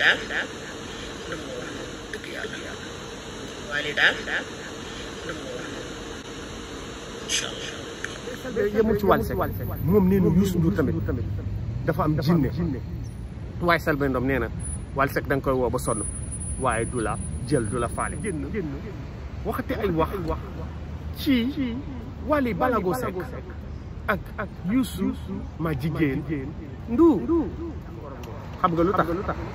waaye daal lu mu wax dëgg yàlla waaye daal lu mu wax incha allah. yemul ci Wally Seck moom nee na Youssou Ndour tamit dafa am jinne waaye Selbé Ndom nee na Wally Seck da nga koy woo ba sonn waaye du la jël du la faale. waxate ay wax ci Wally Balago Seck ak ak Youssou ma jigéen Ndour. xam nga lu tax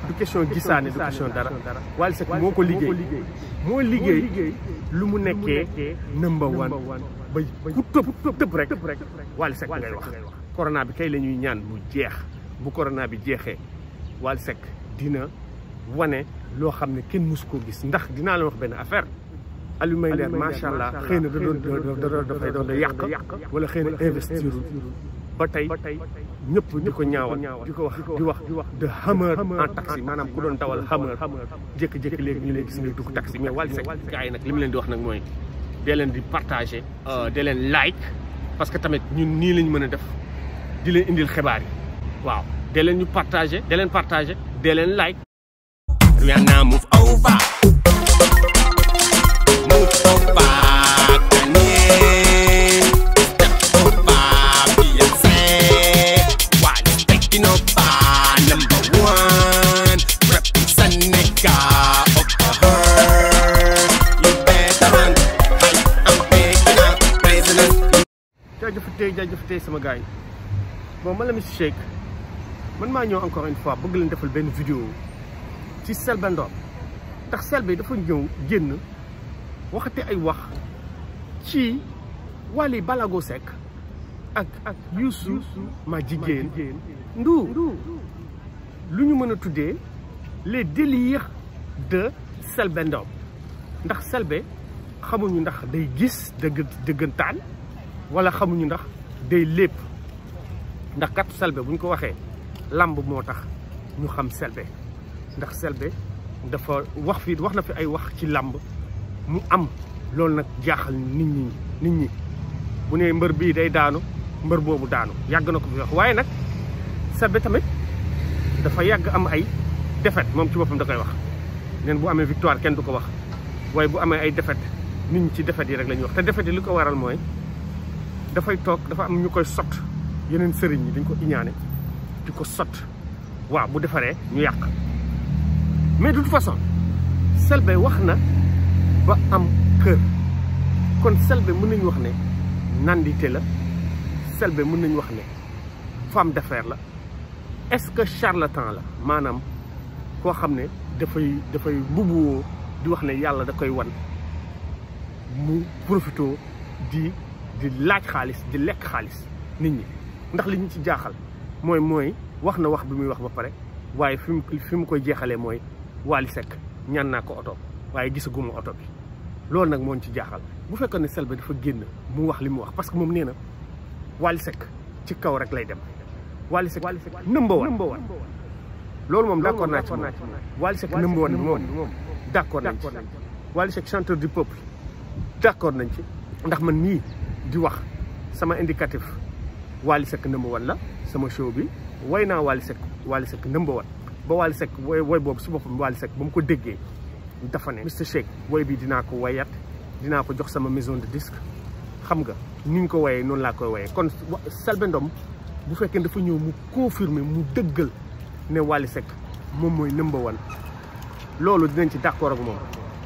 du question gisaane dara Wally Seck moo ko liggéey moo liggéey lu mu nekkee number one ba ku tëb tëb rek Wally Seck ngay wax corona bi kay la ñuy ñaan mu jeex bu corona bi jeexee Wally Seck dina wane loo xam ne kenn musu koo gis ndax dinaa la wax benn affaire Aliou Mbaye Nder macha allah xëy na da doon da dafay doon da yàq wala xëy na investirul ba tey ñëpp di ko ñaawal di ko wax di wax di wax de Hummer en taxi maanaam ku doon dawal Hummer jékki-jékki léegi ñu lay gis nga dugg taxi mais Wally Seck gars yi nag li leen di wax nag mooy dee leen di partager euh, dee leen like parce que tamit ñun nii lañ mën a def di leen indil xibaar yi waaw de leen ñu partager dee leen partager dee leen like Rihanna move over tey sama gars yi bon man la monsieur Cheikh man ma ñëw encore une fois bëgg leen defal ben vidéo ci sel Selbé tax sel Selbé dafa ñëw génn waxati ay wax ci Wally Balago sek ak ak Youssou ma jigéen ndu lu ñu mën a les délires de Selbé Ndom ndax Selbé xamuñu ndax day gis deug deugantane wala xamuñu ndax day lépp ndax kat selbe buñ ko waxé lamb motax ñu xam selbe ndax selbe dafa wax fi waxna fi ay wax ci làmb mu am lool nak jaaxal nit ñi nit ñi bu ne mbeur bi day daanu mbeur bobu daanu yag na ko fi wax waye nak selbe tamit dafa yag am ay défaite mom ci bopam da koy wax neen bu amé victoire kenn du ko wax waye bu amé ay défaite nit ñi ci défaite yi rek la wax te défaite yi li ko waral moy dafay toog dafa am ñu koy sot yeneen sëriñ yi dañ ko iñaane di ko sot waaw bu defaree ñu yàq mais façon Selbé wax na ba am kër kon Selbé mën nañu wax ne nandité la Selbé mën nañu wax ne femme d'affaires la est-ce que charlatan la maanaam koo xam ne dafay dafay mbubuwoo di wax ne yàlla da koy wan mu profitoo di di laaj xaalis di lekk xaalis nit ñi ndax li ñu ci jaaxal mooy mooy wax na wax bi muy wax ba pare waaye fi mu mu koy jeexalee mooy Wally Seck ñaan naa ko oto waaye gisaguma oto bi loolu nag moo ci jaaxal bu fekkoon ne Selbé dafa génn mu wax li mu wax parce que moom nee na Wally Seck ci kaw rek lay dem Wally Seck number one loolu moom d'accord naa ci moom Wally Seck number one moom d'accord nañ ci Wally Seck chanteur du peuple d'accord nañ ci ndax man nii di wax sama indicatif Wally Seck number one la sama show bi way naa Wally Seck Wally Seck number one ba Wally Seck woy woy boobu su boppam Wally Seck ba mu ko déggee dafa ne Mister Shake woy bi dinaa ko woyaat dinaa ko jox sama maison de disque xam nga ni ñu ko woyee noonu laa koy woyee kon Selbé Ndom bu fekkee dafa ñëw mu confirmer mu dëggal ne Wally Seck moom mooy number one loolu dinañ ci d'accord ak moom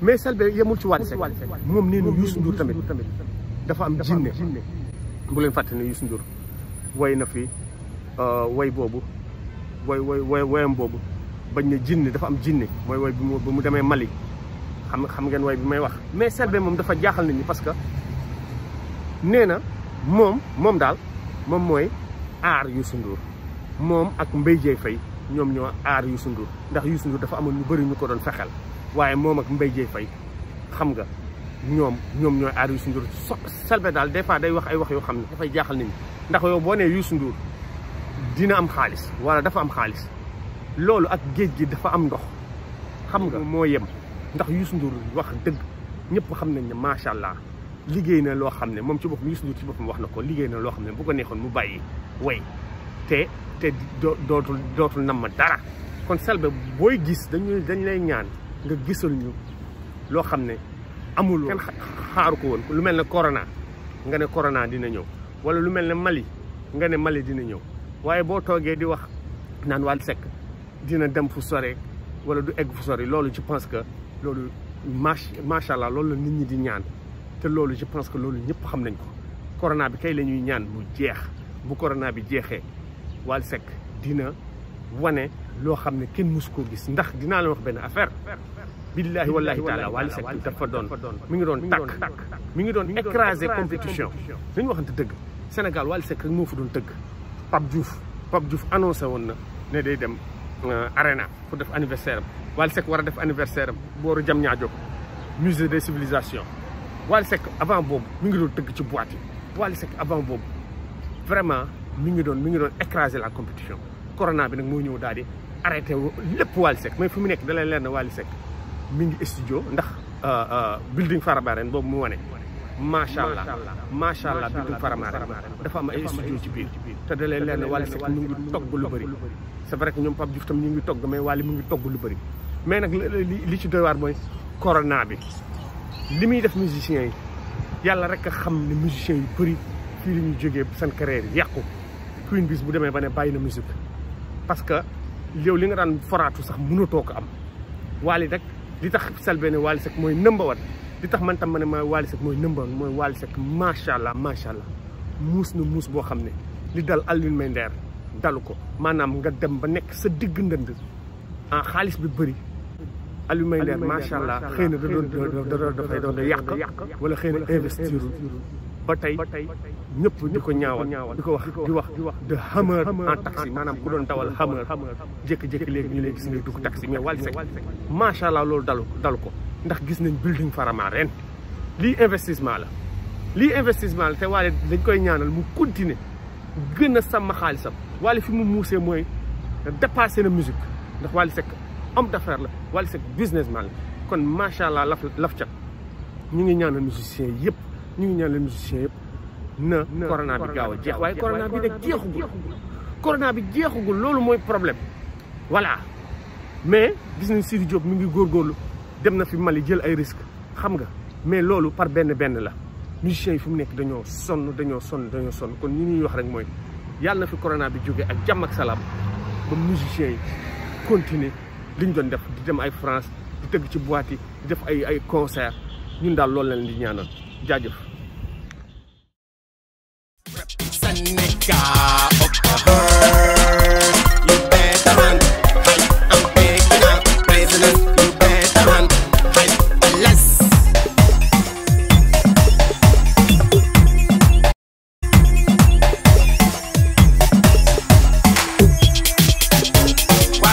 mais Selbé yemul ci Wally Seck moom nee na Youssou Ndour tamit dafa am jinne bu leen fàttani ne Youssou Ndour way na fi euh, woy boobu way woy woyam boobu bañ ne jinne dafa am jinne mooy way bi mu demee Mali xam xam ngeen way bi may wax mais Selbé moom dafa jaaxal nit ñi parce que nee na moom moom daal moom mooy aar Youssou Ndour moom ak Mbaye Dieye Faye ñoom ñoo aar Youssou Ndour ndax Youssou Ndour dafa amoon ñu bëri ñu ko doon fexeel waaye moom ak Mbaye Dieye fay xam nga ñoom ñoom ñooy aar Youssou Ndour so Selbé daal des day wax ay wax yoo xam ne dafay jaaxal nañ ñi ndax yow boo nee Youssou Ndour dina am xaalis walla dafa am xaalis loolu ak géej gi dafa am ndox xam nga moo yem ndax Youssou Ndour wax dëgg ñëpp xam nañ ne macha allah liggéey na loo xam ne moom ci boppam Youssou Ndour ci boppam wax na ko liggéey na loo xam ne bu ko neexoon mu bàyyi way te te dootul dootul namm dara kon Selbé booy gis dañuy dañ lay ñaan nga gisal ñu loo xam ne amul kenn xaaru ko woon lu mel ne corona nga ne corona dina ñëw wala lu mel ne Mali nga ne Mali dina ñëw waaye boo toogee di wax naan Wally Seck dina dem fu sore wala du egg fu sore loolu je pense que loolu macha allah loolu la nit ñi di ñaan te loolu je pense que loolu ñëpp xam nañ ko corona bi kay la ñuy ñaan bu jeex bu corona bi jeexee Wally Seck dina wane lo xam ne kenn mus gis ndax dina la wax ben affaire billahi wallahi taala Wally Seck dafa doon mi ngi doon tak mi ngi doon écrasé compétition dañu waxante deug Sénégal wal Seck rek moo fa doon pap Pape Diouf Pape Diouf annoncé woon na ne day dem euh, arena pour def anniversaire wal Wally Seck def anniversaire boru booru jam ñaajo musée des civilisations Wal Seck avant bob mi ngi don deug ci boîte yi avant bob vraiment mi ngi don mi ngi don écraser la compétition corona bi nak mo ñew daal arrêté lépp Wally Seck mais fu mu nekk dalay leer na Wally Seck mi ngi studio ndax euh, euh, building Faramareen boobu mu wane. macha allah macha allah building Faramareen dafa am ay studio ci biir. te dalay leer na Wally Seck mu ngi togg lu bëri. c'est vrai que ñoom mais Wally mu ngi togg lu bëri mais nag li ci doy waar mooy corona bi li muy def musiciens yi yàlla rek a xam ni musiciens yu bëri fii li ñuy jógee seen carrière yàqu Queen bis bu demee ba ne bàyyi na musique parce que. yow li nga daan foraatu sax mënatoo ko am Wally rek li tax Selbé ne Wally Seck mooy number one li tax man tam ma ne ma Wally Seck mooy number one mooy Wally Seck macha allah macha allah muus na muus boo xam ne li dal Alioune Mbaye dalu ko maanaam nga dem ba nekk sa digg ndënd ah xaalis bi bëri Alioune Mbaye Nder macha allah xëy na da doon da doon dafay doon yàq wala xëy na investir ba tey ñëpp di ko ñaawal di ko wax di wax di wax de hammer en taxi maanaam ku doon dawal hammer jékki-jékki léegi ñu lay gis ngay dugg taxi mais Wally Seck macha allah loolu dalu dalu ko ndax gis nañ building Farama ren lii investissement la lii investissement la te Wally dañ koy ñaanal mu continuer gën a sàmm xaalisam Wally fi mu muusee mooy dépassé na musique ndax Wally Seck homme daffaire la Wally Seck businessman la kon macha allah laf laf cat ñu ngi ñaanal musiciens yëpp. ñu ngi ñaan leen musiciens yëpp na corona bi gaaw a jeex waaye corona bi nag jeexugul corona bi jeexugul loolu mooy problème voilà mais gis nañ Sidi Diop mu ngi góorgóorlu dem na fi Mali jël ay risques xam nga mais loolu par benn benn la musiciens yi fu mu nekk dañoo sonn dañoo sonn dañoo sonn kon ñi ñuy wax rek mooy yàlla na fi corona bi jóge ak jàmm ak salaam ba musiciens yi continuer li ñu doon def di dem ay France di tëgg ci boit yi di def ay ay concert ñun daal loolu lañ di ñaanal jaajëf You better run, I'm You better run,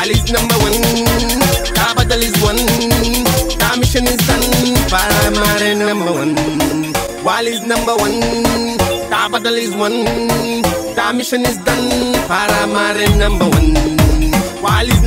is number one, car battle is one. Our mission is done. number one. While is number one capital is one. The mission is done. Paramare number one. While